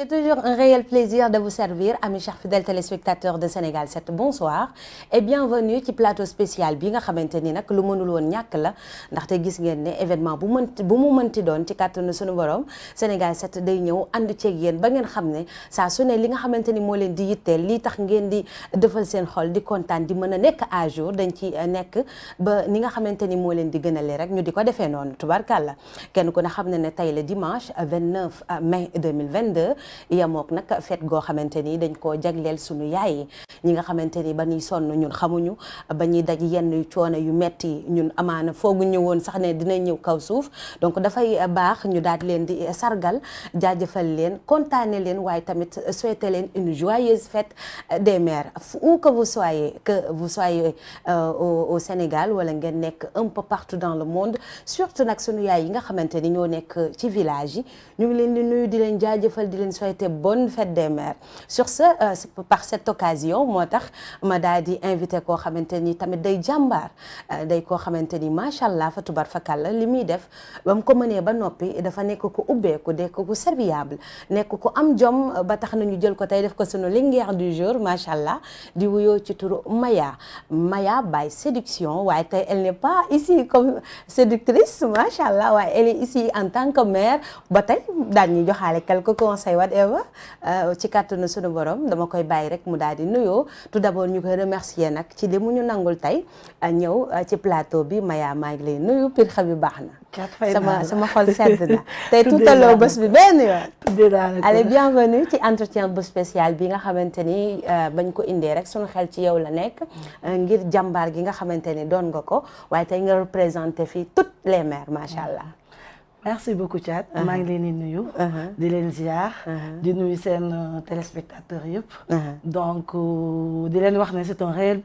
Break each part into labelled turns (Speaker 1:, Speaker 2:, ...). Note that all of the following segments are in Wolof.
Speaker 1: C'est toujours un réel plaisir de vous servir amis chers fidèles téléspectateurs de Sénégal 7 bonsoir et bienvenue ci plateau spécial bi nga xamante ni nag lu mënul woon ñàkk la ndaxte gis ngeen ne événement bu mënti bu mu mënti doon ci kàttanu suñu borom Sénégal 7 day ñëw ànd ceeg yéen ba ngeen xam ne saa su ne li nga xamante ni moo leen di yitteel lii tax ngeen di defal seen xol di kontaan di mën a nekk à jour dañ ci eh, nekk ba ni nga xamante ni moo leen di gënale rek ñu di ko defee noonu tubarkàlla kenn ku ne xam ne ne tey la dimanche 29 eh, mai 2022 yamook nag fête goo xamante ni dañ koo jagleel sunu yaay yi ñi nga xamante ni ba ñuy sonn ñun xamuñu ba ñuy daj yenn coono yu metti ñun amaana fooguñu woon sax ne dinañ ñëw kaw suuf donc dafay baax ñu daal di leen di sargal jaajëfal leen kontaane leen waaye tamit souhaiter leen une joyeuse fête des mères où que vous soyez que vous soyez euh, au Sénégal wala ngeen nekk un peu partout dans le monde surtout nag sunu yaay yi nga xamante ni ñoo nekk ci village yi souhaiter bonne fête des mères sur ce euh, par cette occasion moo tax ma daal di invité koo xamante nii tamit day jàmbaar euh, day koo xamante ni macha allah fa tubar fakàlla li muy def ba mu ko mënee ba noppi dafa nekk ko ubbeeku nekk ku serviable nekk ko am jom ba tax na ñu jël ko tey def ko sunu linguère du jour macha allah di wuyoo ci turu Maya Maya by séduction waaye tey elle n'est pas ici comme séductrice macha allah waaye elle ici en tant que mère ba tey daan ñu joxaale whatever euh, ci kàttanu sunu borom dama koy bàyyi rek mu daal di nuyoo tout d'abord ñu koy remercier nag ci li mu ñu nangul tey euh, ñëw euh, ci plateau bi Maya maa ngi lay nuyu pir xam bi baax na sama sama xol sedd na tey tuutaloo bés bi benn yoon allez bienvenue ci entretien bu spécial bi nga xamante ni bañ ko indee rek sunu xel ci yow la nekk ngir jàmbaar gi nga xamante ni doon nga ko waaye tey nga représenté fii toutes les mères macha allah
Speaker 2: merci beaucoup Thiat uh-huh. maa ngi leen di nuyu uh-huh. di leen ziar uh-huh. di nuyu seen euh, téléspectateurs yëpp donc euh, di leen wax ne c'est un réel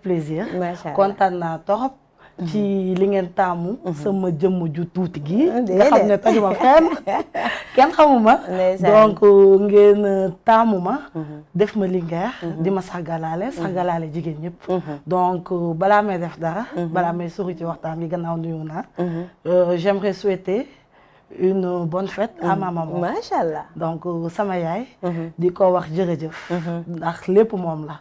Speaker 2: naa torop ci li ngeen tamu sama jëmm ju tuuti gi nga xam ne tajuma fenn kenn xamuma donc euh, ngeen taamu ma def ma lingeer di ma sargalaale sargalaale jigéen ñëpp donc balaa may def dara balaa may sori ci waxtaan bi gannaaw nuyu naa j'aimerais souhaiter une bonne fête à ma maman. macha allah donc euh, sama yaay. Mhm. di ko wax jërëjëf. Mhm. ndax lépp moom la.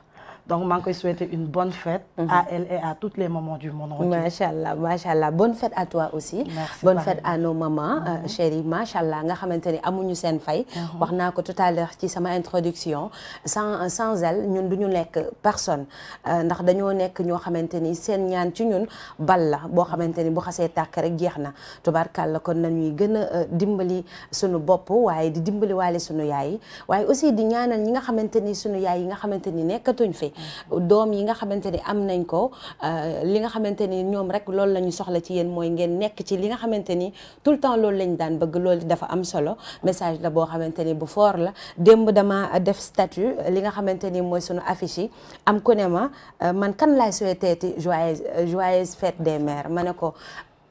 Speaker 2: donc maa ngi koy souhaiter
Speaker 1: une bonne fête. à mhm.
Speaker 2: elle à toutes les mamans
Speaker 1: du monde entier. macha allah macha allah bonne fête à toi aussi. Merci, bonne fête à nos mamans. Euh, mhm. chérie macha allah nga xamante ni amuñu seen fay. Mhm. wax naa ko tout à ci sama introduction sans sans ñun du ñu nekk personne euh, ndax dañoo nekk ñoo xamante ni seen ñaan ci ñun bal la boo xamante ni bu xasee tàkk rek jeex na tubaarkàlla kon nañuy gën a euh, dimbali sunu bopp waaye di dimbali waale sunu yaay waaye aussi di ñaanal ñi nga xamante ni sunu yaay yi nga xamante ni nekkatuñ fi Mm-hmm. doom yi nga xamante ni am nañ ko euh, li nga xamante ni ñoom rek loolu la ñu soxla ci yéen mooy ngeen nekk ci li nga xamante ni tout le temps loolu lañ daan bëgg loolu dafa am solo message la boo xamante ni bu foor la démb dama def statut li nga xamante ni mooy suñu afficie am ku ne ma euh, man kan laay souhaité ti joyeuse euh, joyeuse fête des mères ma ne ko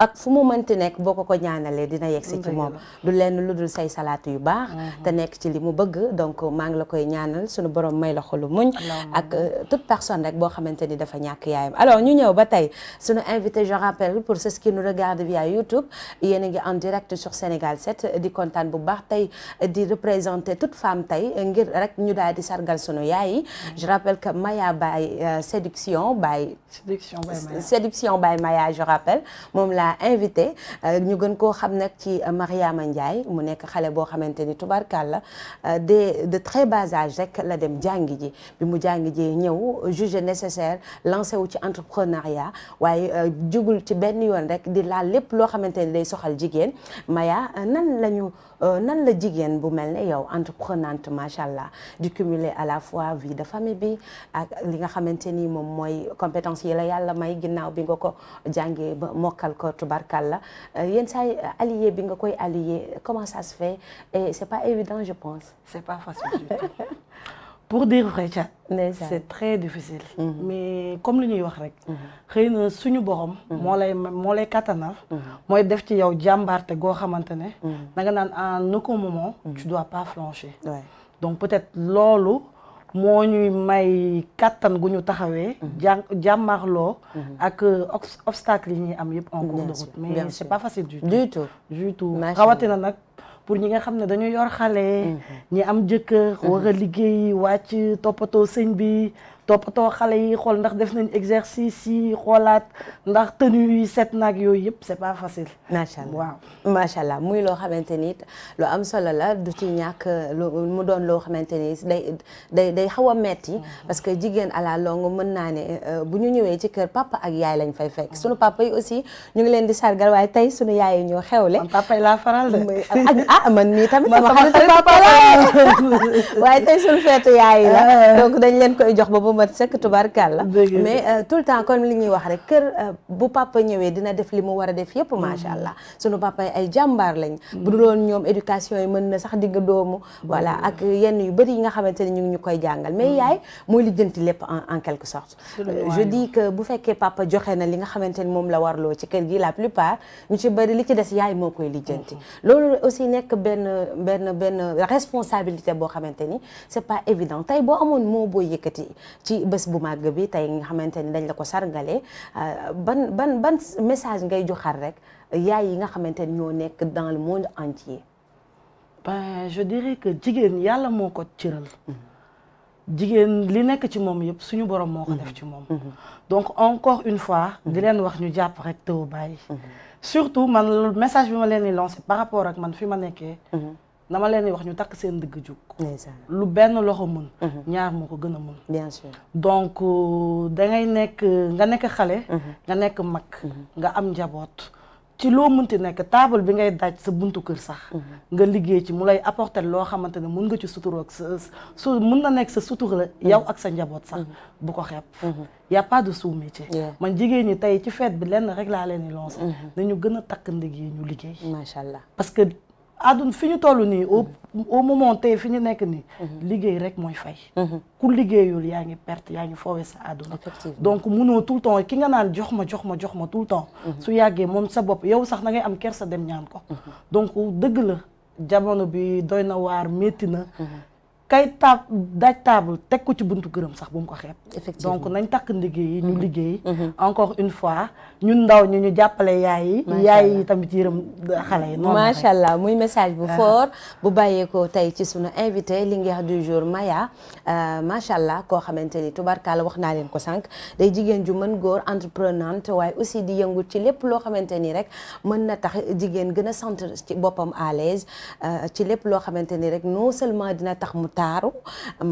Speaker 1: ak fu mu mënti nekk boo ko ko ñaanalee dina yegsi ci moom du lenn lu dul say salaat yu baax mhm. te nekk ci li mu bëgg donc maa ngi la koy ñaanal suñu borom may la xolu muñ ak euh, toute personne rek boo xamante ni dafa ñàkk yaayam alors ñu ñëw ba tey suñu invité je rappelle pour ceux qui nous regardent via YouTube yéen a ngi en direct sur Sénégal set di kontaan bu baax tey di représenter toute femme tey ngir rek ñu daal di sargal sunu yaay yi mhm. je rappelle que Maya Baye euh, invité euh, ñu gën koo xam nag ci euh, Mariama Ndiaye mu nekk xale boo xamante ni tubarkàlla euh, de de très bas âge rek la dem jàngi ji bi mu jàngi ji ñëw jugé nécessaire lancé wu ci entrepreneuriat waaye jugul ci benn yoon rek di laal lépp loo xamante ni day soxal jigéen Maya nan lañu Euh, nan la jigéen bu mel ne yow entreprenante macha allah di cumuler à la fois vie de famille bi ak li nga xamante ni moom mooy compétence yi la yàlla may ginnaaw bi nga ko jàngee ba mokkal ko tubarkal la euh, yenn saa yi euh, bi nga koy allié comment ça se fait et c'est pas évident je pense. c'est pas facile
Speaker 2: pour dire vrai ca c'est très difficile mm-hmm. mais comme li ñuy wax rek mm-hmm. xëy na suñu borom mm-hmm. moo lay moo lay kattanal mooy def ci yow jàmbaarte goo xamante ne da nga naan en aucun moment tu dois pas flancher donc peut-être loolu moo ñuy may kàttan gu ñu taxawee jàng jàmmaarloo ak euh, obstacle yi ñuy am yëpp en cours de mais c'est pas facile du tout du nag pour ñi nga xam ne dañu yor xale mm-hmm. ñi am jëkkër mm-hmm. war a liggéey wàcc toppatoo sëñ bi toppatoo xale yi xool
Speaker 1: ndax def nañ exercice yi xoolaat ndax tenue yi set naag yooyu yëpp c'est pas facile. macha allah waaw macha allah muy loo xamante ni lu am solo la du ci ñàkk lu mu doon loo xamante ni day day day xaw a metti mhm. que jigéen à la longue mën naa ne euh, bu ñu ñëwee ci kër papa ak yaay lañ fay fekk. sunu papa yi aussi ñu ngi leen di sargal waaye tey sunu yaay yi ñoo xewle. man papa yi laa faral de. ah man mii tamit sama xarit papa la waaye tey sunu feetu yaay yi la donc dañ leen koy jox ba mat sëkk tubarkàlla mais euh, tout le temps comme li ñuy wax rek kër euh, bu papa ñëwee dina def li mu war a def yëpp macha mm. allah sunu papa yi ay jàmbaar lañ mm. bu dul ñoom éducation yi mën na sax digg doomu mm. voilà ak yenn yu bëri yi nga xamante ne ñu ngi ñu koy jàngal mais yaay mooy lijjanti lépp en quelque sorte euh, je dis que bu fekkee papa joxe na li nga xamante ne moom la warloo ci kër gi la plupart ñu ci bëri li ci des yaay moo koy lijjanti mm-hmm. loolu aussi nekk benn benn benn responsabilité boo xamante ni c'est pas évident tey boo amoon moo boo yëkkati ci ci bés bu màgg bi tey nga xamante ni dañ la ko sargale euh, ban ban ban message ngay joxar rek yaay yi nga xamante ni ñoo nekk dans le monde entier. ben je dirais que jigéen
Speaker 2: yàlla moo ko cëral. Mhm. jigéen li nekk ci moom yëpp suñu borom moo ko def mhm. ci moom. Mhm. donc encore une fois. di leen wax ñu jàpp rek tëw surtout man message bi ma leen di lancé par rapport ak man fi ma nekkee. dama leen di wax ñu takk seen dëgg jug lu benn loxo mën mhm. ñaar moo ko gën a mën bien sûr donc euh, dangay nekk nga nekk xale mhm. nga nekk mag mhm. nga am njaboot ci loo mun mënti nekk taabal bi ngay daaj sa buntu kër sax nga liggéey ci mu lay apporter loo xamante ne mun nga ci sutura su mun na nekk sa la yow ak sa njaboot sax bu ko xepp y a pas de sous-métier man jigéen ñi tey ci fête bi lenn rek laa leen di lancer ñu gën a takk ndig yi ñu liggéey macha allah parce àdduna fi ñu toll nii au au moment tey fi ñu nekk nii. Mhm. liggéey rek mooy fay. Mhm. ku liggéeyul yaa ngi perte yaa ngi foowee sa àdduna. donc munoo tout le temps ki nga naan jox ma jox ma jox ma tout le mhm. su yàggee moom sa bopp yow sax da am kersa dem ñaan ko. donc dëgg la jamono bi doy na waar métti na. kay taab daaj taabal teg ko ci buntu këram sax bu mu ko xeeb. effectivement donc nañ takk liggéey yi ñu mhm. liggéey. Mhm. encore une fois ñun ndaw ñu ñu jàppale yaay yi. yaay yi tamit
Speaker 1: yërëm xale yi. macha allah muy message bu ah. fort bu bàyyeekoo tey ci sunu invité lingeer du jour Maya euh, macha allah koo xamante ni tubarkaala wax naa leen ko sànq day jigéen ju mën góor entreprenante waaye aussi di yëngul ci lépp loo xamante ni rek mën na tax jigéen gën a sentir ci boppam à l'aise euh, ci lépp loo xamante ni rek non seulement dina tax mu taaru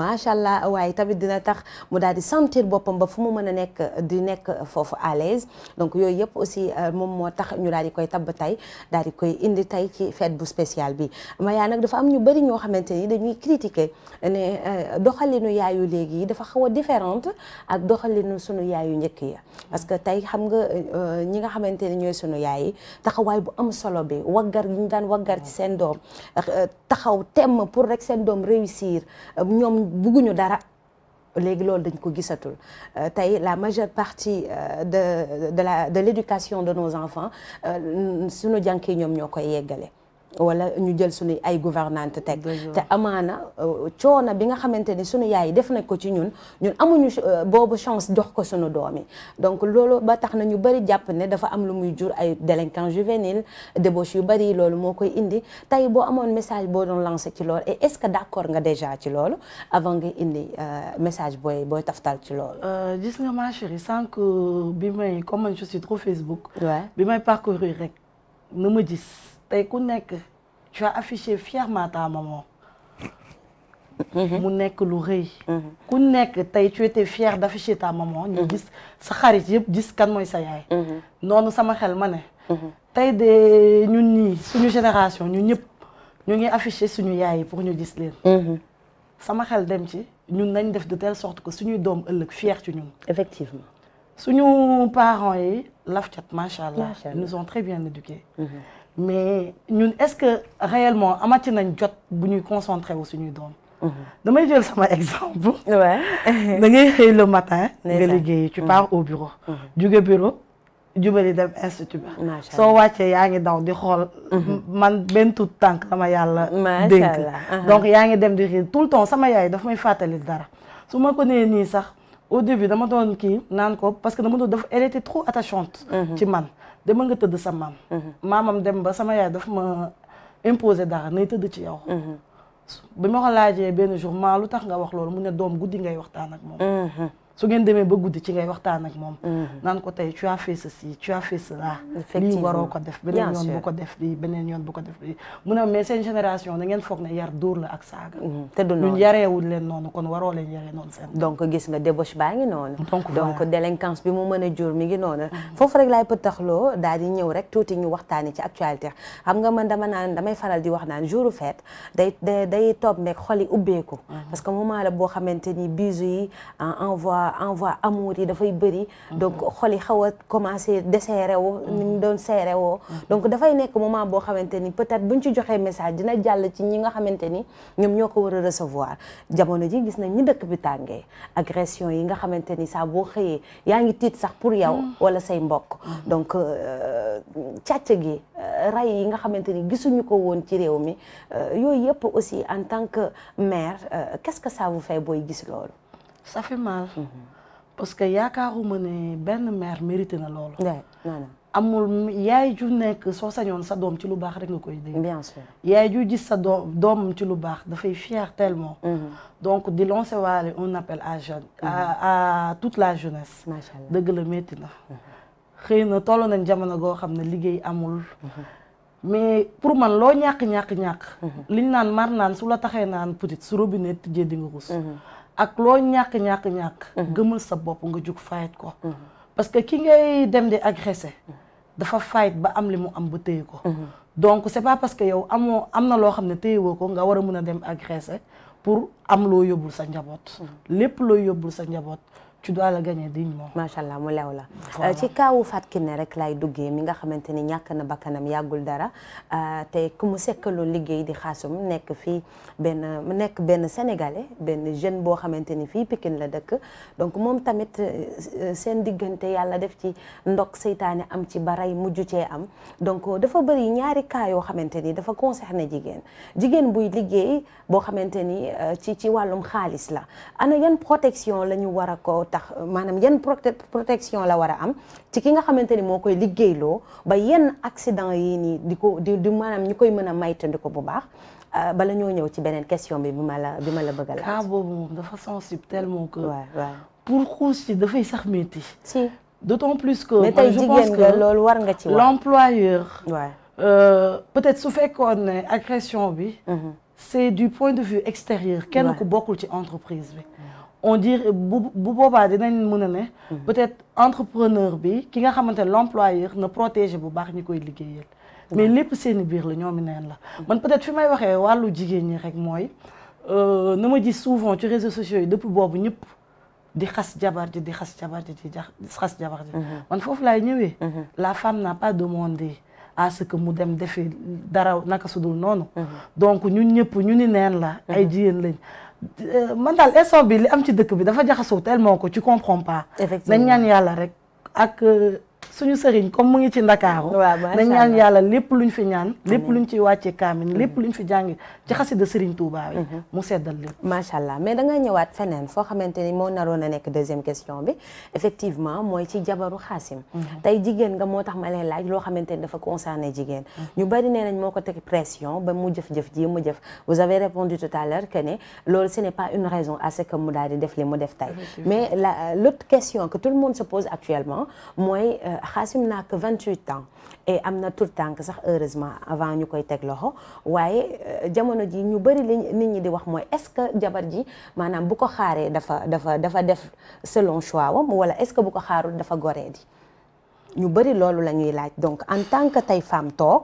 Speaker 1: macha allah waaye tamit dina tax mu daal di sentir boppam ba fu mu mën a nekk di nekk foofu à l'aise donc yooyu yëpp aussi euh, moom moo tax ñu daal di koy tabb tey daal di koy indi tey ci fête bu spéciale bi Maya nag dafa am ñu bëri ñoo xamante ni dañuy critiquer ne euh, doxalinu yaayu léegi dafa xaw a différente ak doxalinu sunu yaayu njëkk ya parce que tey xam nga euh, ñi nga xamante ni ñooy sunu yaay yi taxawaay bu am solo bi waggar ñu daan waggar ci seen doom ñoom bugguñu dara léegi loolu dañ ko gisatul euh, tey la majeure partie euh, de de la de l'éducation de nos enfants euh, suñu jànkee ñoom ñoo koy yeggale wala ñu jël suñu ay gouvernante teg te amaana euh, coono bi nga xamante ni suñu yaay def nañ ko ci ñun ñun amuñu euh, boobu chance dox ko suñu doom yi donc loolu ba tax na ñu bëri jàpp ne dafa am lu muy jur ay délinquants juvéniles débauche yu bëri loolu moo koy indi tey boo amoon message boo doon lancé ci loolu et est-ce que d'accord nga déjà ci loolu avant nga indi euh, message booy booy tal ci loolu
Speaker 2: gis nga ma chérie sànq bi may comme je suis trop Facebook
Speaker 1: bi may parcourir rek
Speaker 2: na ma tey ku nekk tu as affiché fièrement ta maman. Mm-hmm. mu nekk lu rëy. Mm-hmm. ku nekk tey tu étais fier d'afficher ta maman. ñu mm-hmm. gis sa xarit yëpp gis kan mooy sa yaay. noonu sama xel ma ne. tey de ñun ñii suñu génération ñu ñëpp ñu ngi afficher suñu yaay yi pour ñu gis leen. sama xel dem ci ñun nañ def de telle sorte que suñuy doom ëllëg fier ci ñun. effectivement suñu parents yi laf cat macha allah. ils nous ont bien éduqués. mais ñun est-ce que réellement amati nañ jot bu ñuy concentré wu suñuy doom. Mhm. damay jël sama exemple. waaw da ngay xëy le matin. nga liggéeyi tu pars mhm. au bureau. Mhm. jóge bureau jubali dem institut ba. soo wàccee yaa ngi daw di xool. man benn tout tànk dama yàlla. dénk donc yaa ngi dem di xiir tout le temps sama yaay daf may fàttali dara su ma ko nee nii sax. au début dama doon kii naan ko parce que dama doon dafa elle était trop attachante mhm. ci man dama nga tëdd sa maam mhm. maamam dem ba sama yaay daf ma imposé dara nay tëdd ci yow mhm. bi ma ko laajee benn jour maa lu tax nga wax loolu mu ne doom guddi ngay waxtaan ak moom su ngeen demee ba guddi ci ngay waxtaan ak moom. Mhm. naan ko tey tu as fait ceci tu as fait cela. effectivement lii waroo ko def beneen yoon bu ko def lii beneen yoon bu ko def lii. mu ne mais seen génération da ngeen foog ne yar dóor la ak saaga. Mhm.
Speaker 1: te du noonu ñun yareewul
Speaker 2: leen noonu kon waroo leen yaree noonu seen.
Speaker 1: donc gis nga débauche baa ngi noonu. donc délinquance bi mu mën a jur mi ngi noonu. Mhm. foofu rek laay pëtaxloo daal di ñëw rek tuuti ñu waxtaanee ci actualité xam nga man dama naan damay faral di wax naan jouru fête day day day toog meeg xol yi ubbeeku. parce que envoi amour yi dafay bëri donc mhm. xol yi xaw a commencé desserré woo mhm. ni mu doon serré woo mhm. donc dafay nekk moment boo xamante ni peut-être bu buñ ci joxee message dina jàll ci ñi nga xamante ni ñoom ñoo ko war a recevoir jamono ji gis nañ ni dëkk bi tàngee agression yi nga xamante ni saa boo xëyee yaa ngi tiit sax pour yow wala say mbokk donc euh, càcc gi euh, ray yi nga xamante ni gisuñu ko woon ci réew mi euh, yooyu yëpp aussi en tant que maire qu'est-ce que ça vous fait booy gis loolu ça fait mal. Mhm. parce que ma
Speaker 2: ne benn mère mérité na loolu. amul yaay ju nekk soo sañoon sa doom ci lu baax rek nga koy dégg. yaay ju gis sa doom ci lu baax dafay fier tellement. Mhm. donc di lancer waale un appel à jeune. Mhm. à à toute la jeunesse. macha allah dëgg la na. xëy na toll nañ jamono goo xam ne liggéey amul. mais pour man loo ñàkk ñàkk ñàkk. liñ naan mar naan su la taxee naan peut-être su robinet tijjee di nga rus. ak loo ñàkk ñàkk ñàkk. Mhm. gëmal sa bopp nga jug fayet ko. Mhm. parce que ki ngay dem di agressé. Mhm. dafa fayet ba am li mu am ba téye ko. donc c'est pas parce que yow amoo am na loo xam ne téyewoo ko nga war a mun a dem agressé pour am loo yóbbul sa njaboot. lépp looy yóbbul sa njaboot. tu dois la gagner dignement.
Speaker 1: macha allah mu lew la. Euh, ci kaawu Fatou Kiné rek lay duggee mi nga xamante ni ñàkk na bakkanam yàggul dara euh, te ku mu sekkaloon liggéey di xaasum nekk fii benn nekk benn sénégalais benn jeune boo xamante ni fii Pikine la dëkk. donc moom tamit euh, seen diggante yàlla def ci ndok seytaane am ci baray mujj cee am donc dafa bëri ñaari cas yoo xamante ni dafa concerné jigéen jigéen buy liggéey boo xamante ni ci ci wàllum xaalis la ana yan tax maanaam yan protection la war a am ci ki nga xamante ni moo koy liggéeyloo ba yenn accident yi nii di ko di di maanaam ñu koy mën a maytandi ko bu baax euh, bala ñoo ñëw ci beneen question bi bi ma la bi ma la bëgg a laaj. cas boobu moom dafa sensible tellement que. waaw
Speaker 2: waaw pour xuus ci dafay sax métti. si d'autant plus que. mais tey jigéen nga loolu war
Speaker 1: nga ci wax l'employeur.
Speaker 2: waaw euh, peut-être su fekkoon ne agression bi. Mm-hmm. c'est du point de vue extérieur. kenn ku bokkul ci entreprise bi. on dirait bu bu boobaa dinañ mën a ne. Mhm. peut-être entrepreneur bi ki nga xamante ne l'employeur na protéger bu baax ñi koy liggéeyal. mais lépp seeni biir la ñoom neen la. man peut-être fi may waxee wàllu jigéen ñi rek mooy euh, na ma gis souvent ci réseaux sociaux yi dëpp boobu ñëpp di xas jabar ji di xas jabar ji di xas jabar ji. Mhm. man foofu laay ñëwee. Mhm. la femme n'a pas demandé. à ce que mu dem defee dara naka sudul noonu. donc ñun ñëpp ñu ni neen la. ay jigéen lañ. Euh, man daal instant bi li am ci dëkk bi dafa jaxasoo tellement que tu comprends pas. effectivement nañ ñaan yàlla rek ak. Euh, suñu sëriñ comme mu ngi ci ndakaaru dañ ñaan yàlla lépp
Speaker 1: ñu fi ñaan lépp lu ñu ci wàcce kaamin lépp lu ñu fi jàng ci xasida sëriñ Touba mhm. mu seddal lépp macha allah mais da nga ñëwaat feneen foo xamante ni moo naroon a nekk deuxième question bi effectivement mooy ci jabaru xaasim mhm. tey jigéen nga moo tax ma lay laaj loo xamante ni dafa concerné jigéen mhm. ñu bari nee nañ moo ko teg pression ba mu jëf-jëf jii mu jëf vous avez répondu tout à l'heure que mu daal di def li mu def tey mais la l'autre question que tout le monde se pose actuellement mooy euh, xaasim naa que vingt huit ans am na tout le sax heureusement avant ñu koy teg loxo waaye euh, jamono ji ñu bëri li nit ñi di wax mooy est-ce que jabar ji maanaam bu ko xaaree dafa dafa dafa def selon choix wam wala est-ce que bu ko xaarul dafa goree di ñu bëri loolu la ñuy laaj donc en tant que tey femme toog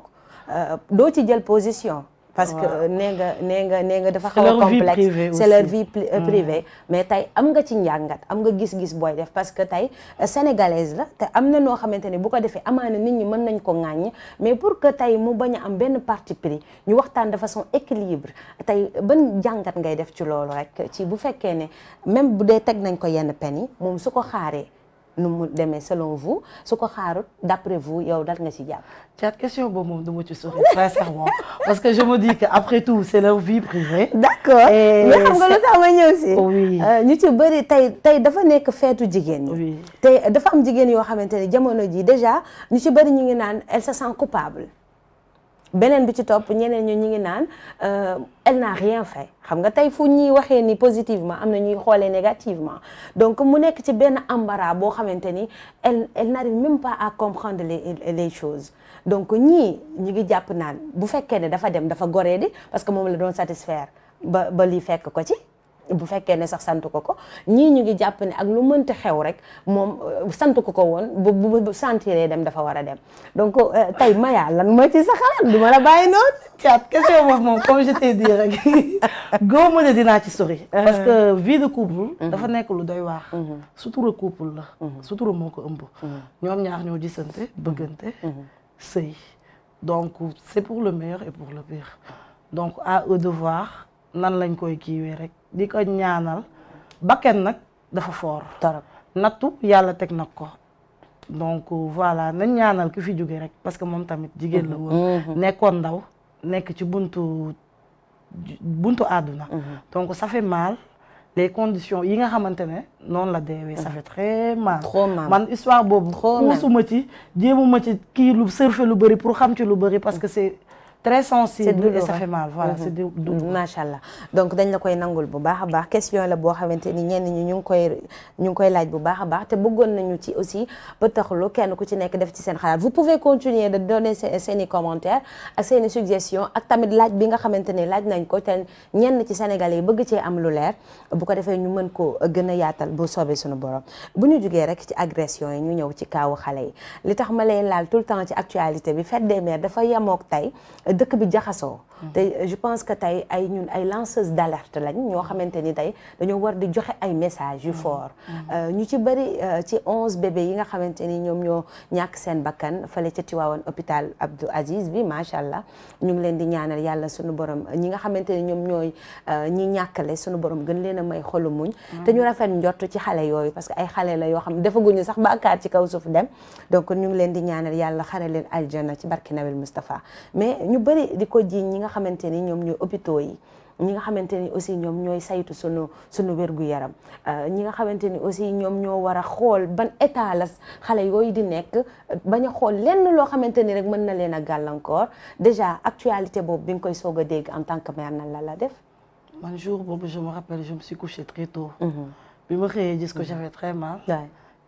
Speaker 1: euh, doo ci jël position parce que euh, nee nga nee nga nee nga dafa xaw a complexe c'est leur vie mm. privée mais tey am nga ci njàngat am nga gis-gis booy def parce que tey euh, sénégalaise la te am na noo xamante ne bu ko defee amaana nit ñi mën nañ koo ŋàññ mais pour que tey mu bañ a am benn parti pris ñu waxtaan dafa façon équilibre tey ban jàngat ngay def ci loolu rek ci bu fekkee ne même bu dee teg nañ ko yenn pen yi moom su ko xaaree nu mu demee selon vous su ko xaarut d'après vous yow dal nga ci jàpp. ca question boobu moom du ma ci sori sincèrement
Speaker 2: parce que je me dis que après tout c'est leur vie privée.
Speaker 1: d'accord mais xam nga lu tax ñëw ci. Euh, ñu ci bëri tey tey dafa nekk feetu jigéen ñi. oui dafa am jigéen yoo xamante ne jamono ji déjà ñu ci bëri ñu ngi naan elle se sent coupable. beneen bi ci topp ñeneen ñu ñu ngi naan euh, elle n'a rien fait xam nga tey fu ñuy waxee ni positivement am na ñuy xoolee négativement donc mu nekk ci benn embarras boo xamante ni elle na n'arrive même pas à comprendre les les choses donc ñii ñu ngi jàpp naan bu fekkee ne dafa dem dafa goree di parce que moom la doon satisfaire ba ba lii fekk ko ci bu fekkee ne sax sant ko ko ñii ñu ngi jàpp ne ak lu mënti xew rek moom euh, sant ko ko woon bu bu sentiree dem dafa war a dem donc euh, tey Maya lan ma ci sa xalaat du ma la bàyyi noonu. caat question boobu moom comme je t'ai dit rek góob ma ne
Speaker 2: dinaa ci sori. Uh-huh. parce que vie de couple. Uh-huh. dafa nekk lu doy waax. Uh-huh. sutura couple la. sutura moo ko ëmb. ñoom ñaar ñoo gisante bëggante. sëy donc c'est pour le meilleur et pour le pire donc à eux de voir nan lañ koy kiiwee rek. di ko ñaanal bakken nag dafa foor nattu yàlla teg na ko donc voilà nañ ñaanal ki fi jóge rek parce que moom tamit jigéen la woon mm-hmm. nekkoon ndaw nekk ci buntu buntu àdduna mm-hmm. donc ça mal les conditions yi nga xamante ne noonu la deewee ça mm-hmm. fait mal man histoire boobu xuusuma ci jéemuma ci kii surfe lu bëri pour xam ci lu bëri
Speaker 1: parce que c'est très sensible et ça fait mal voilà mhm. allah donc dañ la koy nangul bu baax a baax question la boo xamante ni ñenn ñi ñu ngi koy ñu ngi koy laaj bu baax a baax te bëggoon nañu ci aussi ba taxlu kenn ku ci nekk def ci seen xalaat vous pouvez continuer de donner seeni i commentaires ak seen ak tamit laaj bi nga xamante ne laaj nañ ko te ñenn ci Sénégalais yi bëgg cee am lu leer bu ko defee ñu mën koo gën a yaatal bu soobee suñu borom bu ñu jugee rek ci agression yi ñu ñëw ci kaawu xale yi li tax ma lay laal tout le temps ci actualité bi fête des mères dafa yemook tey dëkk bi jaxasoo. Mm. te euh, je pense que tey ay ñun ay lanceuse d' alerte lañ ñoo xamante ni tey ñoo war di joxe ay messages yu mm. fort. Mm. Euh, ñu ci bëri euh, ci onze bébé yi nga xamante ni ñoom ñoo ñàkk seen bakkan fële ca Tiwaawan hôpital Abdou Aziz bi macha allah ñu ngi leen di ñaanal yàlla sunu borom ñi nga xamante ni ñoom ñooy ñi ñàkkale sunu borom gën leen a may xolu muñ. te ñu rafet njott ci xale yooyu parce que ay xale la yoo xam defaguñu sax bàkkaar ci kaw suuf dem donc ñu ngi leen di ñaanal yàlla xare leen aljana ci barki Nabil Moustapha mais ñu bëri di ko jiiñ ñi nga xamante ni ñoom ñooy hôpitaux yi ñi nga xamante ni aussi ñoom ñooy saytu sunu sunu wér-gu-yaram euh, ñi nga xamante ni aussi ñoom ñoo war a xool ban état la xale yooyu di nekk bañ a xool lenn loo xamante ni rek mën na leen a gàllankoor déjà actualité boobu bi nga koy soog a dégg en tant que mère nan la la def.
Speaker 2: man jour boobu je me rappelle je me suis couchée très mm-hmm. bi ma xëyee gis ko mm-hmm. j'avais très mal.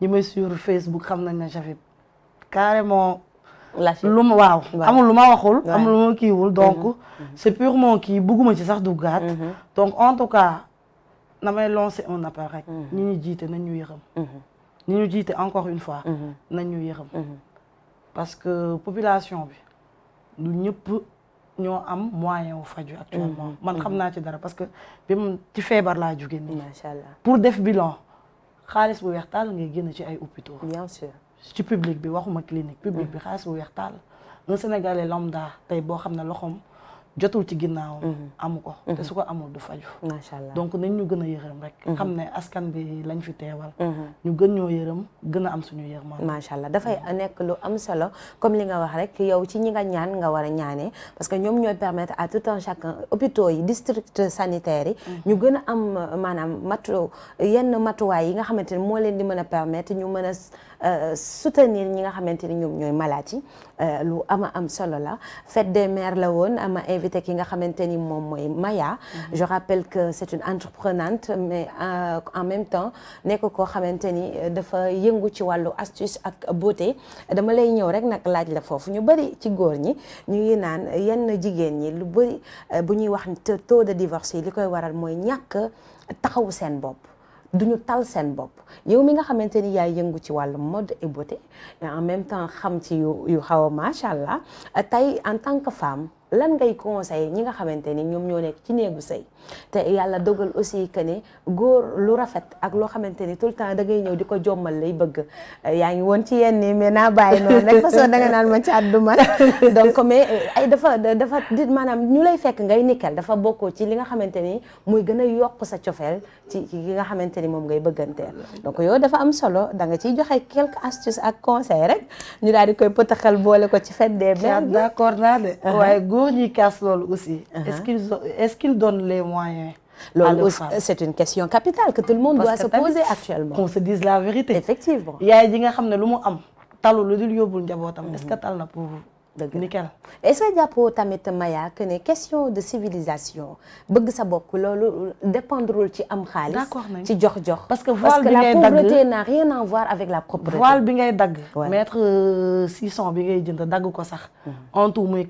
Speaker 2: ñi may suivre Facebook xam na ne j'avais
Speaker 1: lu ma waaw am lu ma waxul amul lu
Speaker 2: ma kiiwul donc mhm. Mhm. c'est purement kii bugguma ci sax duggaat mhm. donc en tout na may lancer un appel rek ñi ñu jiite nañ ñu yërëm ñi ñu jiite encore une fois nañ ñu yërëm parce que population bi du ñëpp ñoo am moyen wu faju actuellement man xam naa ci dara parce que bi mu ci feebar laa jóge nii macha pour def bilan xaalis bu weex taal ngay génn ci ay hôpitaux bien ci public bi waxuma clinique public bi mm. xaalis bu weex tàll un sénégalais lambda tey boo xam ne loxoom jotul ci ginnaaw mm-hmm. amu ko mm-hmm. te su ko amul du faju macha allah donc nañ ñu gën a yërëm rek mm-hmm. xam ne askan bi lañ fi teewal ñu gën ñoo yërëm
Speaker 1: gën am suñu yërëm macha allah dafay nekk lu am solo comme li nga wax rek yow ci ñi nga ñaan nga war a ñaanee parce que ñoom ñooy permettre à tout un chacun hôpitaux yi district sanitaires yi ñu gën am maanaam matu yenn matuwaay yi nga xamante ne moo leen di mën a permettre ñu mën a Euh, soutenir ñi nga xamante ni ñoom ñooy malade yi euh, lu ama am solo la fet de mères la woon ama invité ki nga xamante ni moom mooy Maya mhm. je rappelle que c'est une entreprenante mais euh, en même temps nekk koo xamante ni dafa yëngu ci wàllu astuce ak beauté dama lay ñëw rek nag laaj la foofu ñu bëri ci góor ñi ñu ngi naan yenn jigéen ñi lu bëri bu ñuy wax taux de divorce yi li koy waral mooy ñàkk taxawu seen bopp du duñu tal seen bopp yow mi nga xamante ni yaay yëngu ci wàllu mode et beauté en même temps xam ci yu yu xaw a macha allah tey en tant que femme lan ngay conseil ñi nga xamante ni ñoom ñoo nekk ci néegu sëy te yàlla dogal aussi que ne góor lu rafet ak loo xamante ni tout le temps da ngay ñëw di ko jommal lay bëgg yaa ngi woon ci yenn yi mais naa bàyyi noonu rek que da nga naan ma ci àdduma donc mais ay dafa maanaam ñu lay fekk ngay nikkal dafa bokkoo ci li nga xamante ni muy gën a yokk sa cofeel ci ki nga xamante ni moom ngay bëgganteel donc yow dafa am solo da nga ciy joxe quelques astuces ak conseils rek ñu daal di koy pëtaxal boole ko ci fête des d'accord naa
Speaker 2: de góor loolu aussi. est-ce qu'ils est-ce qu'ils donnent les moyens. loolu c'est
Speaker 1: une question capitale que tout le monde Parce doit se poser actuellement. qu'on
Speaker 2: la vérité. yaay ji nga xam ne lu mu am talu lu dul yóbbul njabootam. est-ce que mhm. tal na pour. dëgg la est
Speaker 1: que jàppoo tamit Maya que ne question de civilisation bëgg sa bopp loolu dépendrul ci am xaalis. ci jox jox. parce que voile bi ngay dagg la pauvreté n'a rien à voir avec la propreté. voile bi
Speaker 2: ngay dagg. maître 600 bi ngay jënd dagg ko sax. Mhm. en tout muy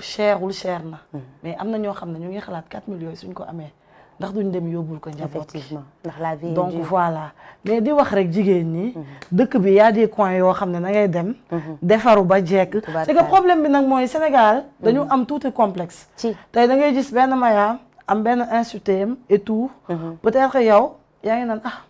Speaker 2: cherul cher na. Mm. mais am na ñoo xam ne ñu ngi xalaat 4 millions yooyu suñ ko amee ndax duñ dem yóbbul ko njaboot. effectivement ndax la vie donc voilà mais di wax rek jigéen ñi. Mm-hmm. dëkk bi y a des yoo xam ne da ngay dem. Mm-hmm. defaru ba jekk. c'est que problème bi nag mooy Sénégal dañu mm-hmm. am tuuti complexe. ci tey da ngay gis benn mayaam am benn institut et tout. peut-être que yow yaa ngi naan ah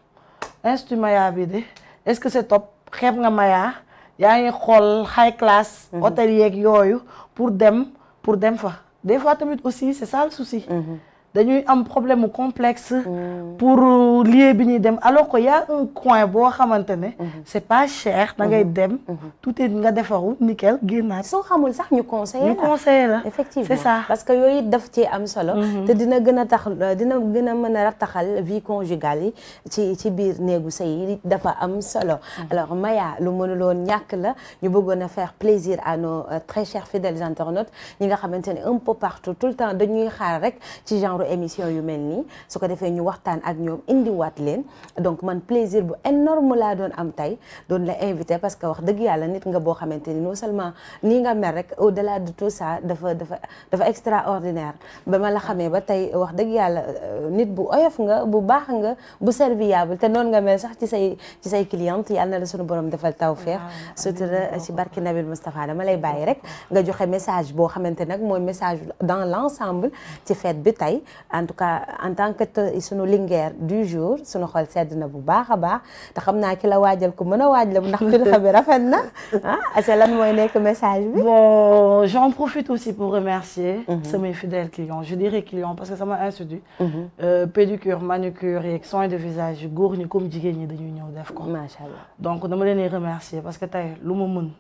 Speaker 2: institut maya bi de est-ce que se top xeeb nga maya. yaa ngi xool high class. Mhm. hôtel yeeg yooyu pour dem pour dem fa des fois tamit aussi c'est ça le souci. Mhm. dañuy am problème mu complexe. Mm. pour euh, lieu bi ñuy dem alors que y a coin boo xamante ne.
Speaker 1: Mm-hmm. c'est pas cher da ngay mm-hmm. dem. Mm-hmm.
Speaker 2: toute est nga defaru nickel génnaat.
Speaker 1: soo xamul sax ñu conseiller la ñu conseiller la effectivement parce que yooyu daf ci am solo. te dina gën a tax dina gën a mën a rataxal vie conjugale yi ci ci biir néegu sëy yi dafa am solo. alors Maya lu mënuloon ñàkk la ñu bëggoon a faire plaisir à nos euh, très chers fidèles internautes ñi nga xamante ne un peu partout tout le temps dañuy xaar rek ci genre. émission yu mel nii su defee ñu waxtaan ak ñoom indiwaat leen donc man plaisir bu énorme laa doon am tey doon la invité parce que wax dëgg yàlla nit nga boo xamante ni non seulement nii nga mer rek au delà de tout ça dafa dafa dafa extraordinaire ba ma la xamee ba tey wax dëgg yàlla euh, nit bu oyof nga bu baax nga bu serviable te noonu nga mel sax ci say ci say cliente yàlla na la suñu borom defal tawféex sutura si barki Nabil Moustapha dama lay bàyyi rek nga joxe message boo xamante nag mooy message dans l'ensemble ci fête bi tey en tout cas en tant que sunu lingeer du jour sunu xol sedd na bu baax a baax te xam naa ki la waajal ku mën a waaj la bu ndax xilxa bi rafet na ah asa lan mooy nekk message bi bon
Speaker 2: j'en profite aussi pour remercier mhm. samay fidèles clients je dirais clients parce que sama institut mhm. euh, pédicure manucure yeeg soins de visage yu góor ñi comme jigéen ñi dañuy ñëw def ko macha allah donc dama leen di remercier parce que tey lu ma mën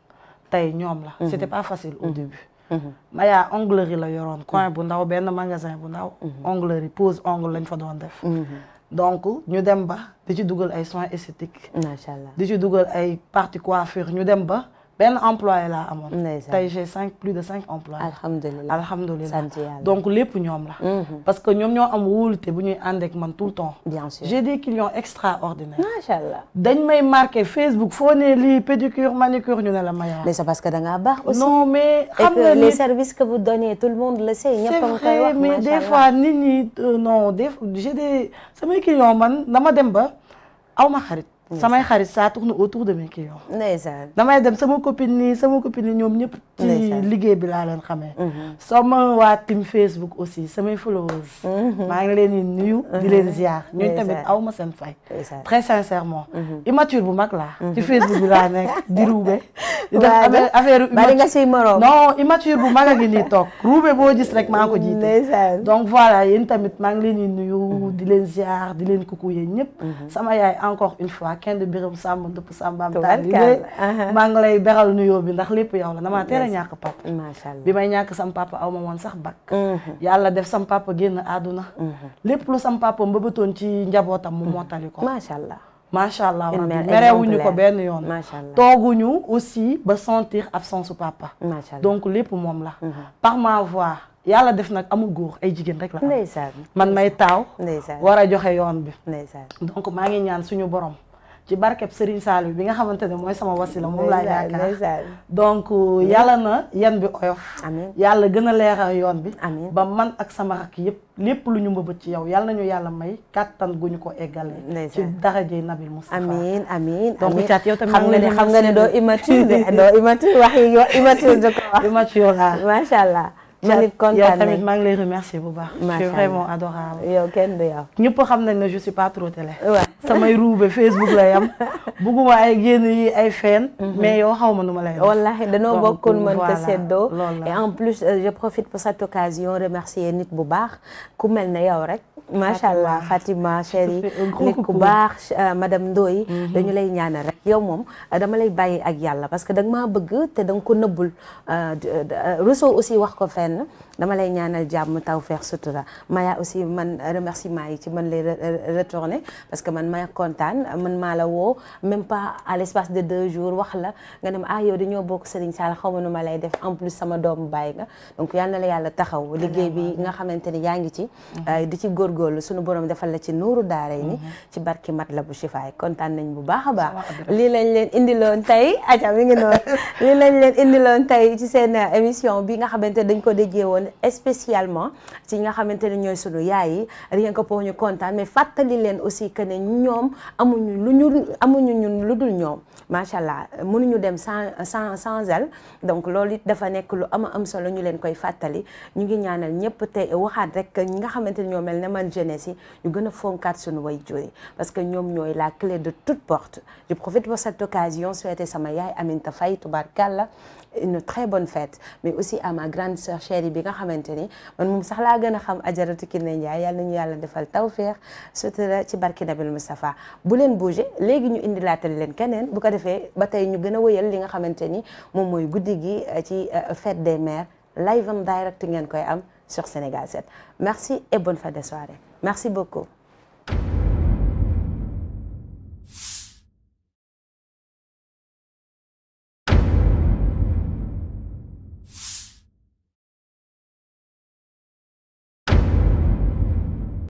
Speaker 2: tey ñoom la mhm. c'était pas facile au début Mm-hmm. Maya onglerie la yoroon mm-hmm. coin bu ndaw benn magasin bu ndaw mm-hmm. onglerie pose ongle lañ fa doon def donc ñu dem ba di ci dugal ay soins esthétiques macha allah di ci dugal ay partie coiffure ñu dem ba benn employé laa amoon. tey j'ai cinq plus de cinq employés. alhamdulilah alhamdulilah donc lépp ñoom la. Mhm. parce que ñoom ñoo am wóolute bu ñuy ànd ak man tout le temps. bien sûr j'ai des clients extraordinaires.
Speaker 1: macha allah
Speaker 2: dañ may marqué Facebook foo ne lii pédicure manicure ñu ne la ma mais c'est
Speaker 1: parce que danga ngaa baax
Speaker 2: aussi. non mais xam nga les
Speaker 1: services que vous donnez tout le monde le sait. ñëpp a ngi koy mais des fois
Speaker 2: nit ñi euh, non des j'ai des samay clients man dama dem ba aw ma xarit. samay xarit ça tourne autour de mes clients. ndeysaan damay dem sama copine nii sama copine nii ñoom ñëpp. liggéey bi laa leen xamee. sama waa team Facebook aussi samay followers. maa ngi leen di nuyu. di leen ziar ñun tamit aw ma seen fay. très sincèrement. immature bu mag laa. ci di ruube. di def affaire bu mag a ngi nii gis rek maa donc voilà yéen tamit maa ngi leen di nuyu. di leen ziar di leen kuku ñëpp. sama yaay encore une fois. kenn du biram sàmm dëpp sàmbaam taal bi maa ngi lay beral nuyoo bi ndax lépp yow la damaa teel a ñàkk
Speaker 1: papa macha allah bi
Speaker 2: may ñàkk sam papa aw ma woon sax bakk mhm. yàlla def sam papa génn àdduna mhm. lépp lu sam papa mbëbatoon ci njabootam mu mhm. mottali ko macha allah macha allah merewuñu ko benn yoon tooguñu aussi ba sentir absence su papa donc lépp moom la par ma voix yàlla def nag amu góor ay jigéen rek la am man may taaw war a joxe yoon bi donc maa ngi ñaan suñu borom ci barkeb Serigne Saliou bi nga xamante ne mooy sama wasila moom laay yaakaar donc yàlla na yan bi oyof yàlla gëna a leeral yoon bi ba man ak sama rak yëpp lépp lu ñu mbëbët ci yow yàlla nañu yàlla may kàttan gu ñu ko eggalee ci darajey Nabil Moustapha amiin amiin donc caat yow tamit xam nga ne xam nga ne doo immature doo immature wax yi immature de ko wax immature macha ah. allah tamit kontaan tamit maa ngi lay remercier bu baax. macha allah c'est vraiment adorable. yow ñëpp xam nañ ne je suis pas trop télé. waaw samay ruube Facebook lay am ay génn mhm. mais xaw ma nu ma lay wax. wallaahi danoo bokkul mënta seddoo.
Speaker 1: et en plus euh, je profite pour cette occasion nit bu baax ku mel ne yow rek. macha allah Fatima chérie nit ku baax euh, madame Ndoye. Mhm. dañu lay ñaanal rek yow moom euh, dama lay bàyyi ak yàlla parce que danga ma bëgg te danga ko nëbbul Rousseau aussi wax ko fenn. benn dama lay ñaanal jàmm tawfeex sutura Maya aussi man remerciement yi ci man lay retourner parce que man maa kontaan man maa la woo même pas à l'espace de deux jours wax la nga ne ma ah yow dañoo bokk Serigne Sall xaw ma nu ma lay def en plus sama doomu bàyyi nga donc yal na la yàlla taxaw liggéey bi nga xamante ni yaa ngi ci mhm. euh, di ci góorgóorlu suñu borom defal la ci nuuru daara yi ni mhm. ci barki mat la bu shifaay kontaan nañ bu baax a baax lii lañ leen indiloon dédié woon spécialement ci nga xamante ne ñooy sunu yaay yi rien que pour ñu kontaan mais fàttali leen aussi que ne ñoom amuñu lu ñu amuñu ñun lu dul ñoom macha allah mënuñu dem sans sans sans donc loolu it dafa nekk lu am am solo ñu leen koy fàttali ñu ngi ñaanal ñëpp te waxaat rek ñi nga xamante ne ñoo mel ne man jeunesse yi ñu gën a fonkaat sunu way juri parce que ñoom ñooy la clé de toute porte je profite pour cette occasion souhaiter sama yaay Aminta Faye tubaarkàlla une très bonne fête mais aussi à ma grande sœur bi nga xamante ni man moom sax laa gën a xam ajaratu Kiné Ndiaye yàlla nañu yàlla defal tawféex sutura ci barki Nabil Moustapha bu leen bougé léegi ñu indilaatal leen keneen bu ko defee ba tey ñu gën a wëyal li nga xamante ni moom mooy guddi gi euh, ci euh, fête des mères live am direct ngeen koy am sur Sénégal 7 merci et bonne fin de soirée merci beaucoup